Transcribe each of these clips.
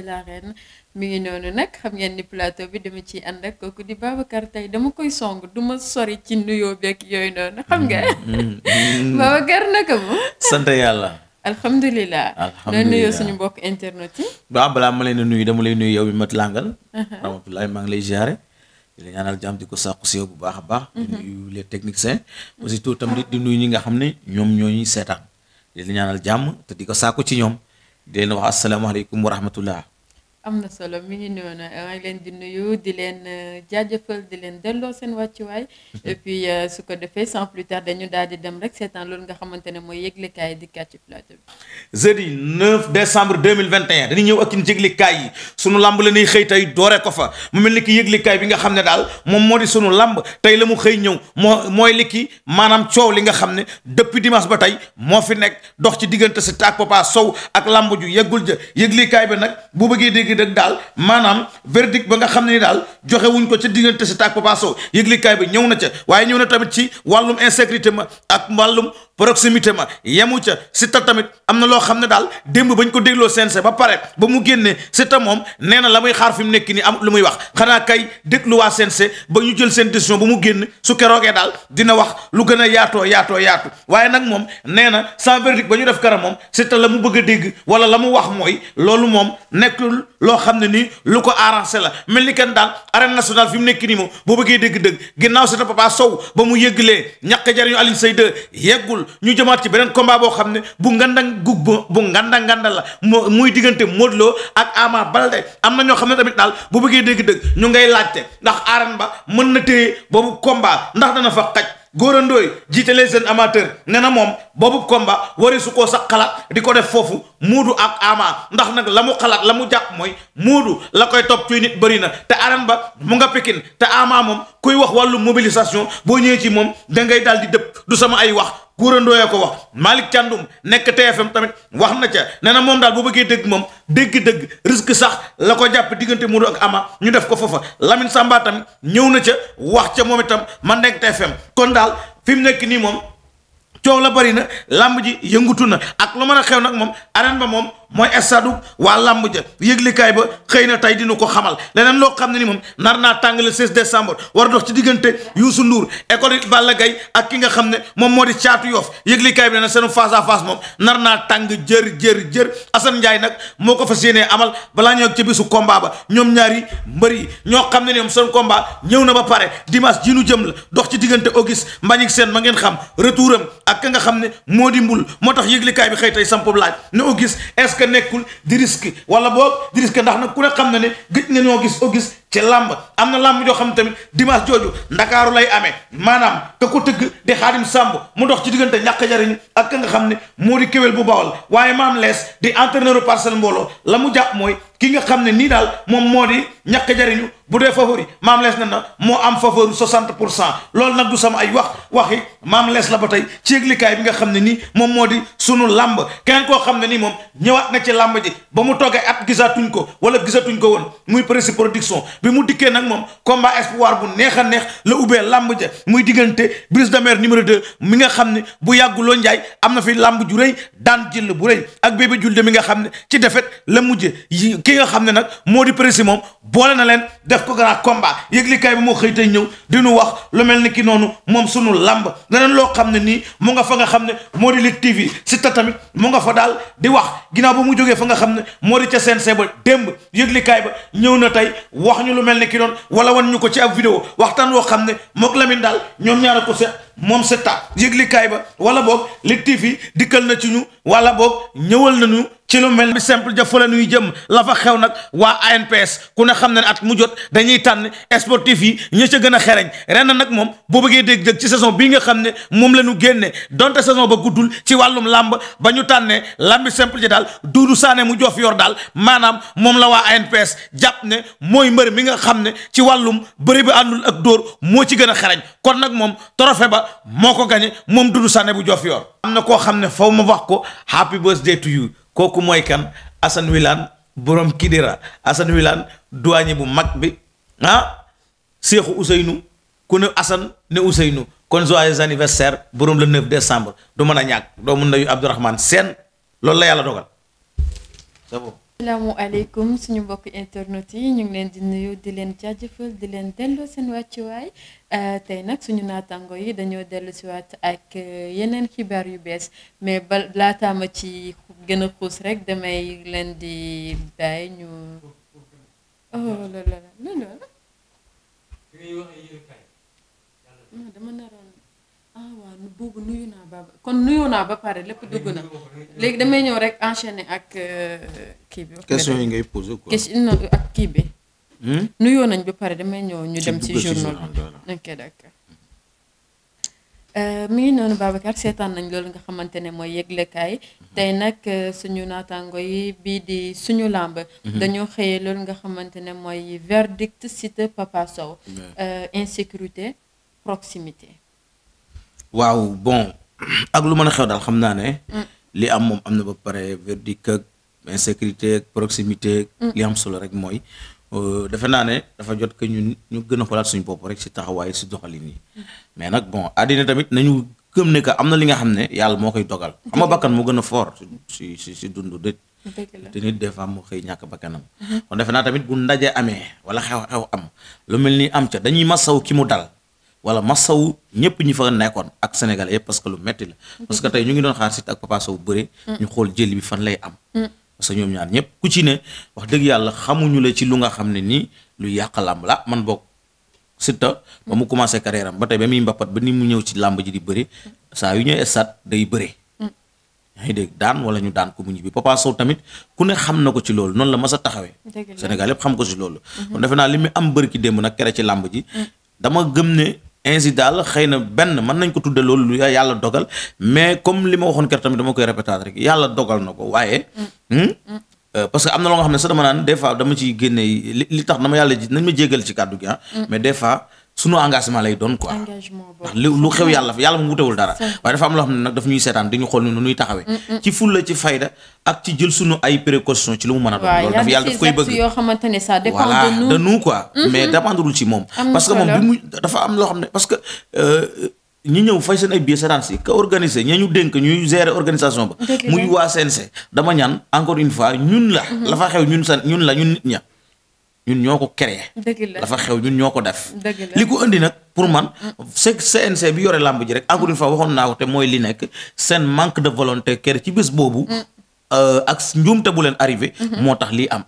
de l'arène mi ngi noonu nag xam ngeen ni plateau bi dama ciy ànd ak kooku di Babacar tey dama koy song du ma sori ci nuyoo beeg yooyu noonu xam nga. Mm, mm, mm, Babacar naka sant yàlla. alhamdulilah. alhamdulilah nooy nuyoo suñu mbokk internet yi. waaw balaa ma leen nuyu dama lay nuyu yow bi mat langal. rahmatulah uh-huh. maa lay ziare. di la ñaanal jàmm di ko sàkku si bu baax a baax. di uh-huh. nuyu les techniciens. aussi tout tamit ñi nga xam ne ñoom ñoo ñuy seetaan. di ñaanal jàmm te di ko sàkku ci ñoom. di leen wax asalaamaaleykum wa rahmatullah am na solo mi ngi noonu maa leen di nuyu di leen euh, jaajëfal di leen delloo seen wàccuwaay mm-hmm. et euh, su ko defee sans plus tarder dañu daal di dem rek seetaan loolu nga xamante ne mooy yëglekaay di kàcc ci plateau bi. jeudi 9 décembre 2021 dañuy ñëw ak ñu yëglekaay yi lamb la ñuy xëy tey doore ko fa mu mel ni ki yëglekaay bi nga xam ne daal moom moo di sunu lamb tey la mu xëy ñëw moo mooy li maanaam coow li nga xam ne depuis dimanche ba tey moo fi nekk dox ci diggante Siteu ak Papa Sow ak lamb ju yeggul jë yëglekaay bi nag bu bëggee dégg léegi nag daal maanaam verdict ba nga xam ne ni daal joxe wuñ ko ca diggante si taak Papa Sow yëglikaay bi ñëw na ca waaye ñëw na tamit ci wàllum insécurité ma ak wàllum proximité ma yemu ca Siteu tamit am na loo xam ne daal démb ba bañ ko dégloo CNG ba pare ba mu génnee Siteu moom nee na la muy xaar fi mu nekk nii am lu muy wax xanaa kay déglu waa ba ñu jël seen ba mu génn su keroogee daal dina wax lu gën a yaatoo yaatoo yaatu waaye nag moom nee na sans verdict ba ñu def kara moom Siteu la mu bëgg a dégg wala la mu wax mooy loolu moom nekkul loo xam ne nii lu ko arrangé la mel ni kenn daal arène nationale fi mu nekk nii moo boo bëggee dégg-dëgg ginnaaw Siteu Papa Sow ba mu yëglee ñàkk jariñu Alioune Seye 2 ñu jëmaat ci beneen combat boo xam ne bu nganda gu bu nganda nganda la moo muy diggante Modou Lo ak Ama Baldé am na ñoo xam ne tamit daal bu bëggee dégg-dëgg ñu ngay laajte ndax arène ba mën na tee boobu combat ndax dana fa xaj góorandooy jiite les jeunes amateurs nee na moom boobu combat wari su koo sax xalaat di ko def foofu muudu ak ama ndax nag la mu xalaat la mu jàpp mooy muudu la koy topp ci nit bëri na te arène ba mu nga pikin te ama moom kuy wax wàllu mobilisation boo ñëwee ci moom da ngay daal di dëpp du sama ay wax guurandooyee ko wax Malick Thiandoum nekk TFM tamit wax na ca nee na moom daal boo bëggee dëgg moom dëgg-dëgg risque sax la ko jàpp diggante Modou ak Ama ñu def ko foofa Lamine Samba tamit ñëw na ca wax ca moom itam man nekk TFM kon daal fi mu nekk nii moom coow la bari na làmb ji yëngutu na ak lu mën a xew nag moom arène ba moom mooy estadu waa làmb ja yëglikaay ba xëy na tey dina ko xamal leneen loo xam ne ni moom nar naa tàng le 16 décembre war dox ci diggante Youssou Ndour école Balla Gaye ak ki nga xam ne moom moo di caatu yoof yëglikaay bi nee seen face à moom nar naa tàng jër jër jër Assane Ndiaye nag moo ko fas yéenee amal balaa ñëw ci bisu combat ba ñoom ñaari mbër yi ñoo xam ne ni moom seen ñëw na ba pare dimanche ji nu jëm la dox ci diggante Auguste Mbagnick Sène ma ngeen xam retouram ak ka nga xam ne moo di mbul moo tax yëglikaay bi xëy tey sampo laaj ne Auguste que nekkul di risque wala boog di risque ndax nag ku ne xam na ne gëj nga ñoo gis o gis ci làmb am na làmb joo xam ne tamit dimanche jooju ndakaaru lay amee maanaam ka ko tëgg di xaadim sàmb mu dox ci diggante ñàkk jariñ ak ka nga xam ne moo di kéwél bu bawal waaye maam lees di entraîneur parcelle mbooloo la mu jàpp mooy ki nga xam ne nii daal moom moo di ñàkk jariñu bu dee favori maam lees na na moo am favori 60 pour cent loolu nag du sama ay wax waxi maam lees la ba tey ci yëglikaay bi nga xam ne nii moom moo di sunu làmb keneen koo xam ne nii moom ñëwaat na ci làmb ji ba mu toogee at gisatuñ ko wala gisatuñ ko woon muy prési production bi mu dikkee nag moom combat espoir bu neex a neex la ubbee làmb ja muy diggante brise de mer numéro 2 mi nga xam ne bu yàgguloo njaay am na fi làmb ju rëy daan jël bu rëy ak bébé julde mi nga xam ne ci defet la mujje ki nga xam ne nag moo di prési moom boole na leen def ko grand combat yëglikaay bi moo xëy tey ñëw di nu wax lu mel ni ki noonu moom sunu làmb leneen loo xam ne nii mu nga fa nga xam ne moo di lit TV si ta tamit mu nga fa daal di wax ginnaaw ba mu jógee fa nga xam ne moo di ca CNG ba démb yëglikaay ba ñëw na tey ñu lu mel ni ki doon wala wan ñu ko ci ab vidéo waxtaan woo xam ne mook Lamine daal ñoom ñaar a ko seet moom seet taat yëglikaay ba wala boog li TV dikkal na ci ñu wala boog ñëwal nañu ci lu mel ni simple ja fa la ñuy jëm la fa xew nag waa ANPS ku ne xam na ne at mu jot dañuy tànn sportif yi ña ca gën a xereñ ren nag moom boo bëggee dégg-dégg ci saison bii nga xam ne moom la ñu génne donte saison ba guddul ci wàllum làmb ba ñu tànnee làmbi simple daal Doudou Sané mu jof yor daal maanaam moom la waa ANPS jàpp ne mooy mbër mi nga xam ne ci wàllum bëri bi àndul ak dóor moo ci gën a xereñ kon nag moom trophée ba moo ko gañe moom Doudou Sané bu jof yor am na koo xam ne faw ma wax ko happy birthday to you kooku mooy kan Assane Wilane borom Kidira Assane Wilane douanier bu mag bi ah Seexu Ousseynou ku ne Assane ne Ousseynou kon joyeux anniversaire borom le 9 décembre du mën a ñàkk doomu ndeyu Abdourahmane Sène loolu la yàlla dogal c'est bon salaamualeykum suñu mbokk internet yi ñu ngi leen di nuyu di leen jaajëfal di leen delloo seen wàccuwaay euh, tey nag suñu naataango yi dañoo dellu siwaat ak euh, yeneen xibaar yu bees mais ba laataama ci gën a xuus rek damay leen di bàyyi ñu. oh la la la la dama naroon ah waaw nuyu naa ba kon nuyoo naa ba pare lépp dugg na léegi damay ñëw rek enchaîner ak euh, kii bi. question yi ngay kii bi. Hmm? nuyoo nañ ba pare damay ñëw ñu dem ci journal bi ok d'accord euh, mi ngi noonu Babacar seetaan nañ loolu nga xamante ne mooy yëglekaay hmm. tey nag euh, suñu naataango yi bii di suñu làmb hmm. dañoo xëyee loolu nga xamante ne mooy verdict Siteu Papa Sow insécurité proximité waaw bon ak lu mën a xew daal xam naa ne. Mm. li am moom am na ba pare verdict ak insécurité ak proximité. Mm. li am solo rek mooy euh, defe naa ne dafa jot ko ñun ñu gën a xoolaat suñu bopp rek si taxawaay si doxalin yi mm. mais nag bon àddina tamit nañu gëm ne que am na li nga xam ne yàlla moo koy dogal. xam nga bakkan moo gën a fort si si si dundu dëj. te nit des fois mu xëy ñàkk bakkanam mm-hmm. kon defe naa tamit bu ndaje amee wala xew-xew am lu mel ni am ca dañuy masaw ki mu dal. wala masawu ñëpp ñi fa nekkoon ak Sénégal yëpp parce que lu metti la parce que tey ñu ngi doon xaar ñu xool jël bi fan lay am parce que ñoom ñëpp ku ci ne wax dëgg yàlla xamuñu la ci lu nga xam ne nii lu yàq làmb la man bokk Siteu ba mu commencé ba tey ba muy ba ni mu ñëw ci làmb ji di bëre saa yu ñëw stade day bëre yaa ngi dégg daan wala ñu daan ko mu ñibbi Papa tamit ku ne xam ko ci loolu noonu la mas a taxawee Sénégal yëpp xam ko mhm. kon defe naa li mu am bërki démb nag kere ci làmb ji dama gëm ne ainsi daal xëy na benn mën nañ ko tudde loolu lu yàlla dogal mais comme li ma waxoon ker tamit dama koy répéter rek yàlla dogal na ko waaye mm. Hmm? Mm. parce que am na loo nga xam ne sa dama naan des fois dama ciy génne li tax na ma yàlla ji nañ ma jégal ci kàddu gi ah mm. mais des sunu engagement lay doon quoi ndax lu xew yàlla fa yàlla mu wutewul dara waaye dafa am loo xam ne nag daf ñuy seetaan dañu xool nu nuy taxawee mm, mm. ci fulla ci fayda ak ci jël sunu ay précaution ci lu mu mën a doon loolu daf yàlla daf koy bëgg yoo xamante ne ça dépend voilà de nous quoi mm-hmm. mais dépendrul ci moom parce que moom bi mu dafa am loo xam ne parce que euh, ñi ñëw fay seen ay billets seetaan si ka organiser ñu dénk ñuy gérer organisation ba muy waa CNC dama ñaan encore une fois ñun la mm-hmm. la fa xew ñun sa ñun la ñun nit ña ñun ñoo ko créé. dëgg dafa xew ñun ñoo ko def. li ko indi nag pour man. Mm, mm. c' CNC bi yore làmb ji rek encore une fois waxoon te mooy li nekk seen manque de volonté kër ci bés boobu. Mm. Euh, ak njuumte bu leen arrivé. Mm-hmm. moo tax li am.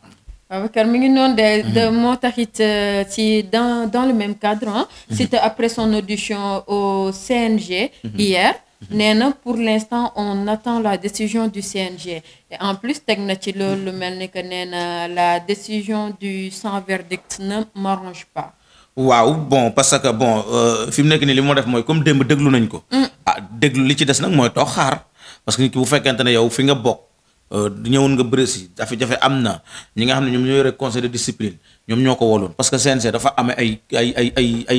Babacar mi ngi noonu de mm-hmm. moo tax it euh, dans dans le même cadre. Mm-hmm. c'était après son audition au CNG. hier. nee na pour l'instant on attend la décision du CNG et en plus teg na ci loolu lu mel ni que nee na la décision du sans verdict ne m'arrange pas. waaw bon parce que bon euh, fi mu nekk nii li moo def mooy comme démb déglu nañ ko. Mm. ah déglu li ci des nag mooy toog xaar parce que nit bu fekkente ne yow fi nga bokk. Euh, ñëwoon nga Brésil jafe-jafe am na nga xam ne ñoom ñoo yore conseil de discipline ñoom ñoo ko woloon parce que CNC dafa amee ay ay ay ay ay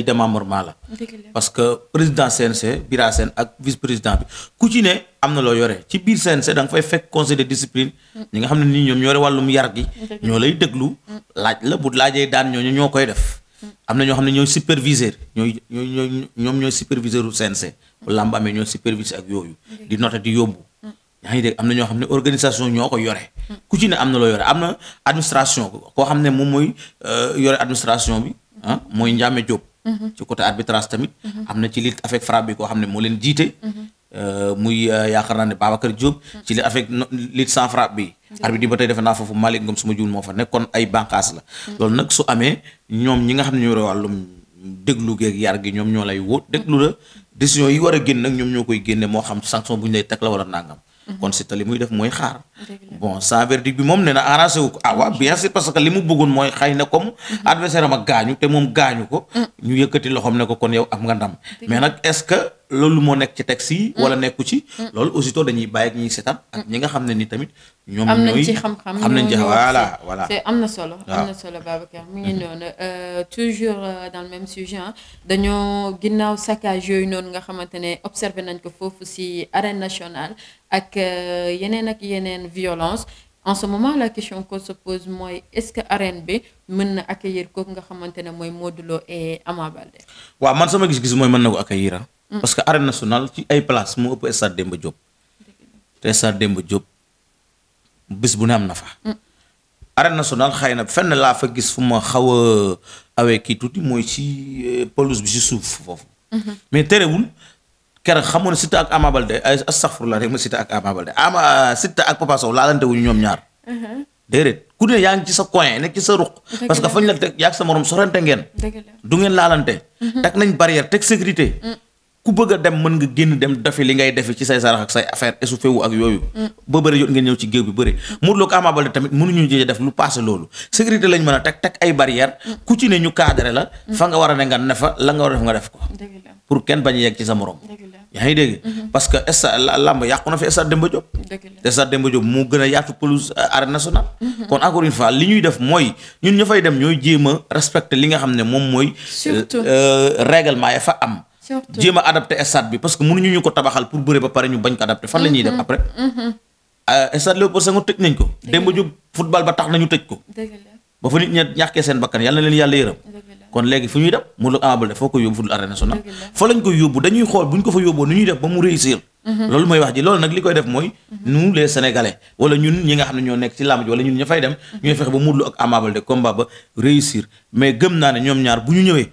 parce que président CNC Bira Sène ak vice président bi ku am na loo yore ci biir CNC da nga fay fekk conseil de discipline. ñi nga xam ne nii ñoom ñoo yore wàllum yar gi. ñoo lay déglu. laaj la bu laajee daan ñooñu ñoo koy def. am na ñoo xam ne ñooy superviseur ñooy ñooy ñooy ñoom ñooy superviseur u CNC. làmb amee ñooy superviseur ak yooyu. di noter di yóbbu. yaa ngi dégg am na ñoo xam ne organisation ñoo ko yore ku ci ne am na loo yore am na administration koo xam ne moom mooy euh, yore administration bi ah mooy Ndiame Diop. Mhm. ci côté arbitrage tamit. Mhm. am na ci lutte avec frappe bi koo xam ne moo leen jiite. Mhm. Euh, muy euh, yaakaar naa ne Babacar Diop. ci lutte avec lutte sans frappe bi. arbitre yi ba tey defe naa foofu Malick Ngom suma juul moo fa nekkoon ay bànqaas la. loolu nag su amee ñoom ñi nga xam ne ñoo yore wàllum déglu geeg yar gi ñoom ñoo lay wóot déglu la décision yi war a génn nag ñoom ñoo koy génne moo xam sanction bu ñu lay teg la wala nangam. Mhm. kon si te li muy def mooy xaar. bon sans verdict bi moom nee na arrangé wu ah, waaw bien sûr parce que li mu bëggoon mooy xay na comme. Mhm. adversaire am ak gaañu te moom gaañu ko. Mm. ñu yëkkati loxoom ne ko kon yow am nga ndam mais nag est-ce que. loolu moo nekk ci texte yi. Mm. wala nekku ci. Mm. loolu aussitôt dañuy bàyyi ak ñiy seetaan. ak mm. ñi nga xam ne ni tamit. ñoom ñooy am nañ ci xam-xam am nañ ci voilà voilà. am na solo am na mi ngi mm-hmm. noonu euh, toujours euh, dans le même sujet dañoo ginnaaw saccage yooyu noonu nga xamante ne observé nañ ko foofu ci arène nationale ak euh, yeneen ak yeneen violence. en ce moment la question qu'on mooy est-ce que arène bi mën na accueillir kooku nga xamante ne mooy Modou Lo Ama Baldé. waaw man sama gis-gis mooy mën na ko accueillir Mm. parce que arène nationale ci ay place moo ëpp stade Demba Diop. te stade Demba Diop bis bu ne am na fa. Mm. arène nationale xëy na fenn laa fa gis fu ma xaw awee kii tuuti mooy ci euh, pelouse bi ci suuf foofu. Mm-hmm. mais terewul keroog xamoon Siteu ak Ama Baldé ay astaghfirullah rek ma Siteu ak Ama Baldé ama Siteu ak Papa Sow wu wuñu ñoom ñaar. Mm-hmm. déedéet ku ne yaa ngi ci sa coin nekk ci sa ruq. parce que fañ la teg yaa ak sa morom sorante ngeen. du ngeen laalante. Mm-hmm. teg nañ barrière teg sécurité. Mm. ku bëgg a dem mën nga génn dem dafi li ngay defi ci say sarax ak say affaire esu fewu ak yooyu ba bëri yoon ngeen ñëw ci géew bi bëri Modou Lo ak Ama Baldé tamit mënuñu jëje def lu passé loolu sécurité lañ mën a teg teg ay barrière ku ci ne ñu cadré la fa nga war a ne nga ne la nga war a def nga def ko pour kenn bañ a yegg ci sa morom yaa ni dégg mhm. parce que esta lamb yàqu na fi stade Demba Diop stade Demba Diop mu gën a yaatu pelouse euh, arène nationale mhm. kon encore une fois li ñuy def mooy ñun ña fay dem ñooy jéem a respecter li nga xam ne moom mooy euh, euh, règlement ya fa am surtout jéem a adapté stade bi parce que mënuñu ñu ko tabaxal pour bëre ba pare ñu bañ ko adapté fan la ñuy def mm-hmm. après. Mm-hmm. Euh, stade Léopold Senghor tëj nañ ko. dëgg la Demba Diop ba tax nañu tëj ko. ba fa nit ña ñàkkee seen bakkan yàlla na leen yàlla yërëm kon léegi fu ñuy dem mu la Ama ah, Baldé foo ko yóbbu fu dul arène nationale lañ koy yóbbu dañuy xool bu ñu ko fa yóbboo nu ñuy def ba mu réussir mhm. loolu mooy wax ji loolu nag li koy def mooy mhm. nous les sénégalais ñi nga xam ne ñoo nekk ci làmb ji wala ñun ña fay dem mhm. ñooy fexe ba Modou Lô ak Ama Baldé combat ba réussir mais gëm naa ne ñoom ñaar bu ñu ñëwee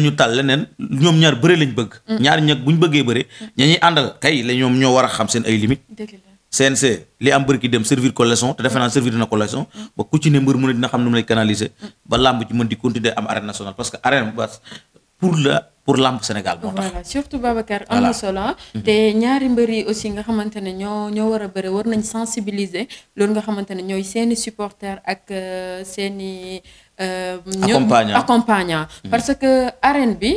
ñu taal leneen ñoom ñaar bëre lañ bëgg ñaar ñag bu ñu bëggee bëre ña ñuy àndal kay la ñoom ñoo war a xam seen ay limite CNC li am bërki dem servir ko leçon te defe naa servir na ko ba ku ci ne mbër mu ne dina xam nu mu lay canaliser ba làmb ci mën di continuer am arène nationale parce que arène la pour làmb Sénégal moo tax. voilà surtout Babacar mhm. yi aussi nga xamante ne ñoo ñoo war a bëre war nañ sensibiliser loolu nga xamante ne ñooy seeni supporters ak euh, seeni. accompagnant euh, accompagnant mhm. parce que bi.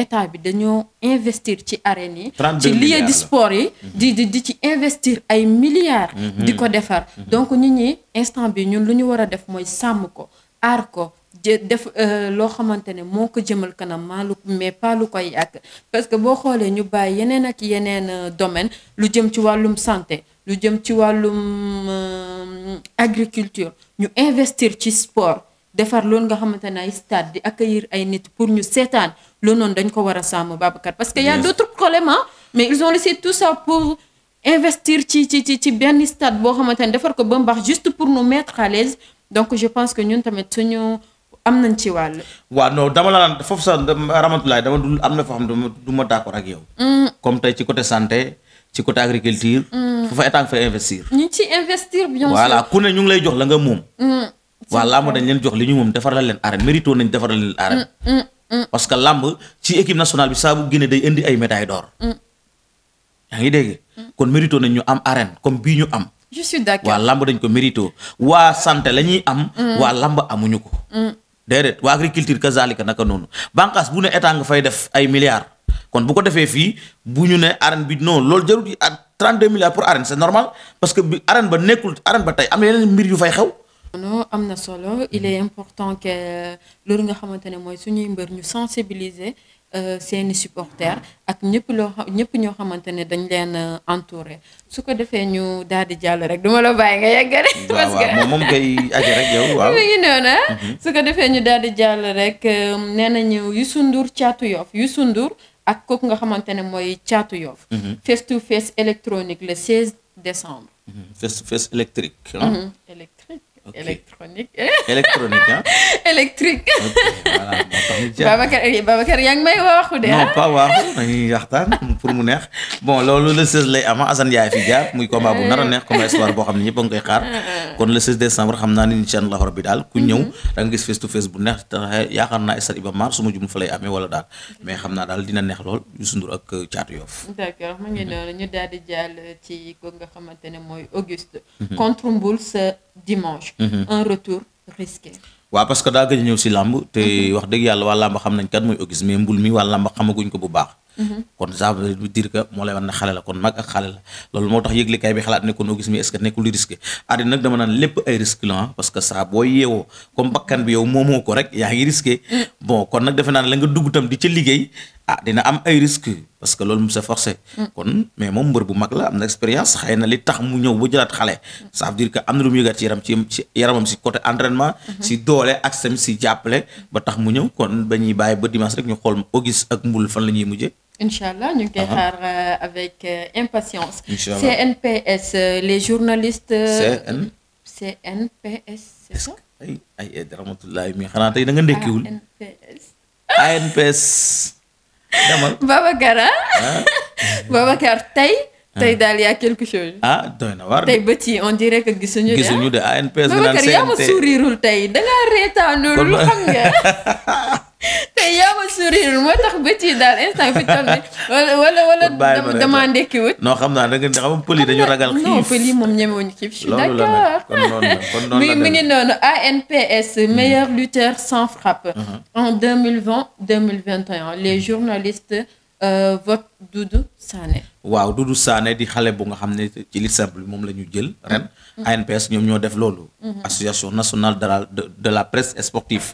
état bi dañoo investir ci arènes yi ci lieu di sport yi di di di ci investir ay milliards mhm. di ko defar mhm. donc ñi ñi instant bi ñun lu ñu war a def mooy sàmm ko aar ko def euh, loo xamante ne moo ko jëmal kanam maa lu mais pas lu koy yàq parce que boo xoolee ñu bàyyi yeneen ak yeneen euh, domaine lu jëm ci wàllum santé lu jëm ci wàllum euh, agriculture ñu investir ci sport defar loolu nga xamante ne ay stade di accueillir ay nit pour ñu seetaan loolu noonu dañ ko war a sàmm Babacar parce que y' a d' autres problèmes mais ils ont laissé tout ça pour investir ci ci ci ci benn stade boo xamante ne defar ko ba mu baax juste pour nous mettre à l'aise donc je pense que ñun tamit suñu am nañ ci wàll. waaw non dama la naan foofu sax Ramatoulaye dama dul am na foo xam ma d' ak yow. Mm. comme tey ci côté santé. ci côté agriculture. Mm. foofa état nga fay ñu ngi investir bien sûr. voilà ku ñu ngi lay jox la nga moom. Mm. voilà moo dañ leen jox li ñu moom defar la leen arène mérito nañ defar la leen arène. Mm. parce que làmb ci équipe nationale bi saa bu génne day indi ay médailles door mm. yaa ngi dégg. Mm. kon mérito nañ ñu am arène comme bii ñu am. waa làmb dañ ko mérito waa santé la ñuy am. waa làmb amuñu ko. déedéet waa agriculture kazalika naka noonu bànqaas bu ne état nga fay def ay milliards kon bu ko defee fii bu ñu ne arène bi non loolu jarul at 32 milliards pour arène c'est normal parce que bi arène ba nekkul arène ba tey am na yeneen mbir yu fay xew. non am na solo il est mhm. important que loolu nga xamante ne mooy suñuy mbër ñu sensibiliser euh, seeni supporters ak ñëpp ñoo xamante ne dañ leen euh, entouré su ko defee ñu daal di jàll rek duma la bàyyi nga yeggale. parce que moom kay aji yow waaw. Ah. Mhm. su ko defee ñu daal di jàll rek euh, nee nañu Youssou Ndour caatu Yoff Youssou Ndour ak kooku nga xamante ne mooy caatu Yoff. Mhm. face to face électronique le 16 décembre. face to face électrique. électrique. électronique électronique ¿ah? électrique. voilà Babacar Babacar yaa ngi may mhm. waxu de non pas waxu dañuy pour mu neex bon loolu le 16 lay ama Assane Ndiaye fi jaar muy combat bu nar neex boo xam ne ñëpp a xaar kon le 16 décembre xam naa ni incha allah rabbi daal ku ñëw da nga gis bu neex yaakaar naa stade Iba Mar su ma jum fa lay wala daal mais xam naa daal dina neex lool Youssou Ndour ak Thiatou di jàll ci ko nga xamante ne mooy Auguste mhm. contre Mboul ce dimanche mhm. un retour risqué waaw parce que daa gëj a ñëw si làmb te mhm. wax dëgg yàlla waa làmb xam nañ kat mooy Auguste mais mbul mi waa làmb xamaguñ ko bu baax mhm. kon ça veut dire moo lay war ne xale la kon mag ak xale la loolu moo tax yëglikaay bi xalaat ne kon Auguste mi est-ce que nekkul nag dama naan lépp ay risque la parce que saa yeewoo comme bakkan bi yow moomoo ko rek yaa ngi risqué mm. bon kon nag defe naa la nga dugg tam di ca liggéey ah dina am ay risques parce que loolu mu sa forcé mm. kon mais moom mbër bu mag la am na expérience xëy na li tax mu ñëw ba jëlaat xale mm. ça veut dire que am na lu mu yëgaat ci yaram ci yaramam si côté entraînement mm-hmm. si doole ak tamit si jàppale ba tax mu ñëw kon ba ñuy bàyyi ba dimanche rek ñu xool Auguste ak Mboul fan la ñuy mujjee incha allah ñu ngi koy ah ah. xaar euh, avec euh, impatience CNPS euh, les journalistes euh, CN CNPS c'est ça ay ay rahmatullahi mi xanaa tey da nga ndékkiwul demal Babacar ah. tey. Ah. tey daal yaa quelque chose. Ah, na waar tey bët yi on dirait que gisuñu de ANPS. naan CNT yaa ma souriirul tey da ngaa reetaanul xam nga. te yaa ma sourire moo tax bët yi daal instant fi toll nii wala wala wala. dama ndekkiwut. non xam naa da nga xam nga pël yi dañu ragal. xiif non pël moom ñemewuñu xiif. loolu la nag kon noonu la kon noonu la mi ngi noonu ANPS. Mhm. meilleur lutteur sans frappe. Mhm. en deux mille vingt deux mille vingt et un les mhm. journalistes euh, votent Doudou Sané. waaw Doudou Sané di xale bu nga xam ne ci li simple moom la ñu jël ren. ANPS ñoom ñoo def loolu. association nationale de la de la presse sportive.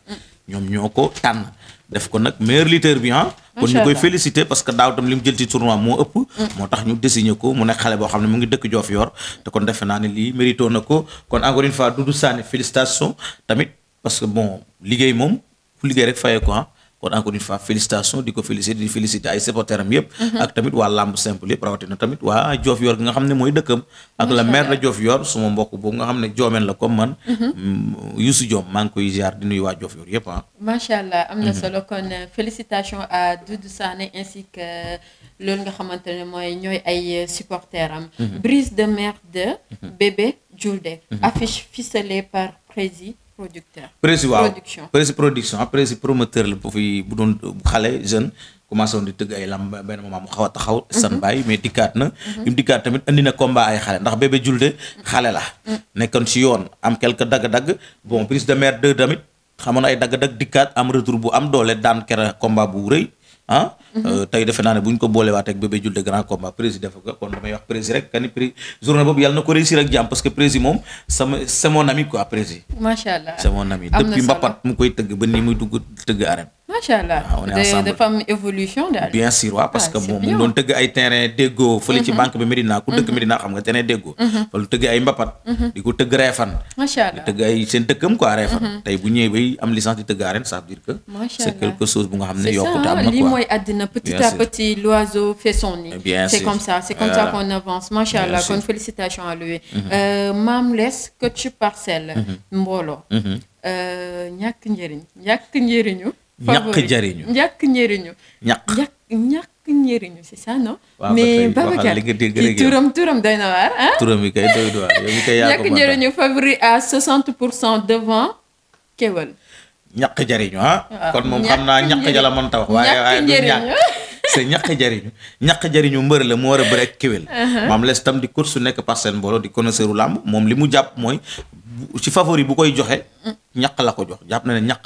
ñoom ñoo ko tànn def ko nag meilleur lutteur bi ah kon ñu koy félicité parce que daaw tam li mu jël ci tournoi moo ëpp mm. moo tax ñu désigné ko mu nekk xale boo xam ne mu ngi dëkk joof yor te kon defe naa ne lii mérito na ko kon encore une du du Sané félicitation tamit parce que bon liggéey moom fu liggéey rek fayee ko ah kon encore une fois félicitation di ko féliciter di féliciter ay supporters am yëpp mhm. ak tamit waa lamb simple yëpp rawatina tamit waa Joof Yor gi nga xam ne mooy dëkkam ak la maire de Joof Yor suma mbokk boobu nga xam ne joomeen la comme man mhm. mm, Youssou Diom maa ngi koy ziar di nuyu waa Joof Yor yëpp ah macha allah am na mhm. solo kon euh, félicitation à Doudou Sané ainsi que loolu nga xamante ne mooy ñooy ay euh, supporters am brise de mer de bébé Diouldé affiche ficelée par Prési producteur prési waaw prési production ah, prési promoteur la bu fi bu doon xale jeune commencé woon di tëgg ay lamb benn moment mu xaw a taxaw mhm. san baay mais dikkaat na mhm. bi dikkaat tamit andi na combat ay xale ndax bébé julde xale la mhm. nekkoon si yoon am quelque dagg-dagg bon prise de mer de tamit xamoon ay dagg-dagg dikkaat am retour bu am doole daan kera combat bu rëy ah. Euh, tey defe naa ne bu ñu ko boolewaat ak bébé Diouldé grand a prési def ko kon damay wax prési rek kani pré journée boobu yàlla na ko réussir ak jàmm parce que prési moom sama c'est mon ami quoi prési. macha allah c'est mon ami depuis Mbapat mu koy tëgg ba nii muy dugg tëgg arène. macha allah dafa am a daal bien sûr waaw parce que ah, moom mu doon tëgg ay terrain déggoo mhm. fële ci banque bi Medina ku dëkk Medina mhm. xam nga terrain déggoo wala mhm. tëgg ay mbapat di ko tëgg reefan macha allah di tëgg ay seen dëkkam quoi reefan tey bu xam ne yokkute am na quoi lii mooy àddina allah kon félicitations à lui euh, Mame Less coach euh, ñàkk njëriñ ñàkk njëriñu ñàkk njëriñu ñàkk njëriñu. ñàkk ñàkk njëriñu c'est ça na waar ah. turam bi kay doy na waar yow mi kay yaa ko ñàkk njëriñu favori à 60 pour cent devant Kewel. ñàkk jariñu ah. kon moom xam naa ñàkk jala mën ta wax. waaye waaye du ñàkk c'est ñàkk jariñu ñàkk jariñu mbër la mu war a bëre ak Kewel. Uh-huh. maam les tam di course su nekk parcelle mbooloo di connaisseur u làmb moom li mu jàpp mooy. ci favori bu koy joxee ñaq la ko jox jàpp na ne ñaq.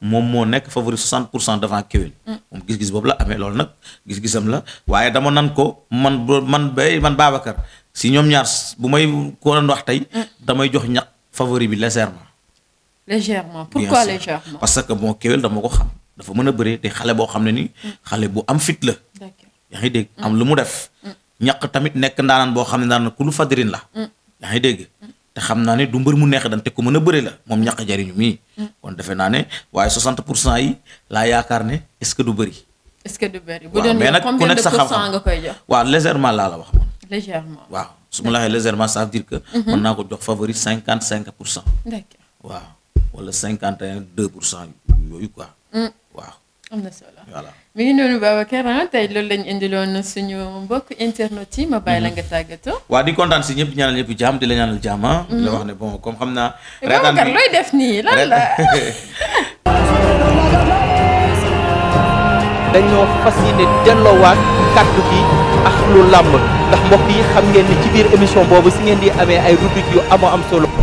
moom moo nekk favori 60 pour cent devant Kewel. moom gis-gis boobu la amee loolu nag gis-gisam la waaye dama nan ko man man bay man Babacar si ñoom ñaar bu may ko doon wax tey. damay jox ñaq favori bi légèrement. légèrement parce que moo Kewel dama ko xam dafa mën a bëree te xale boo xam ne ni. xale bu am fit la. yaa ngi dégg am lu mu def. Mm. ñaq tamit nekk ndaanaan boo xam ne ndaanaan ku lu fadrin la. Mm. yaa ngi dégg. Mm. te xam naa ne du mbër mu neex dan te ku mën a bëre la moom ñàkk jariñu mii. Mm. kon defe naa ne waaye 60 pour cent yi laa yaakaar ne est ce que du bëri. est ce que du bëri bu doon yow combien de pour cent nga koy jox waaw légèrement laa la wax man. waaw su ma la waxee légèrement ça veut dire que. Mm-hmm. mën naa ko jox favori 55 pour cent. d' accord waaw wala 51 pour cent yooyu quoi. Mm. am na solo voilà mi ngi noonu Babacar ah tey suñu mbokk internet yi ma bàyyi la mhm. di kontaan si ñëpp ñaanal ñëpp jaam di la ñaanal jaam ah. di la mhm. ne bon comme xam naa. Eh, Babacar looy def nii lan ak lu làmb ndax mbokk yi xam ngeen ci biir émission boobu si ngeen di amee ay rubrique yu amoo am solo.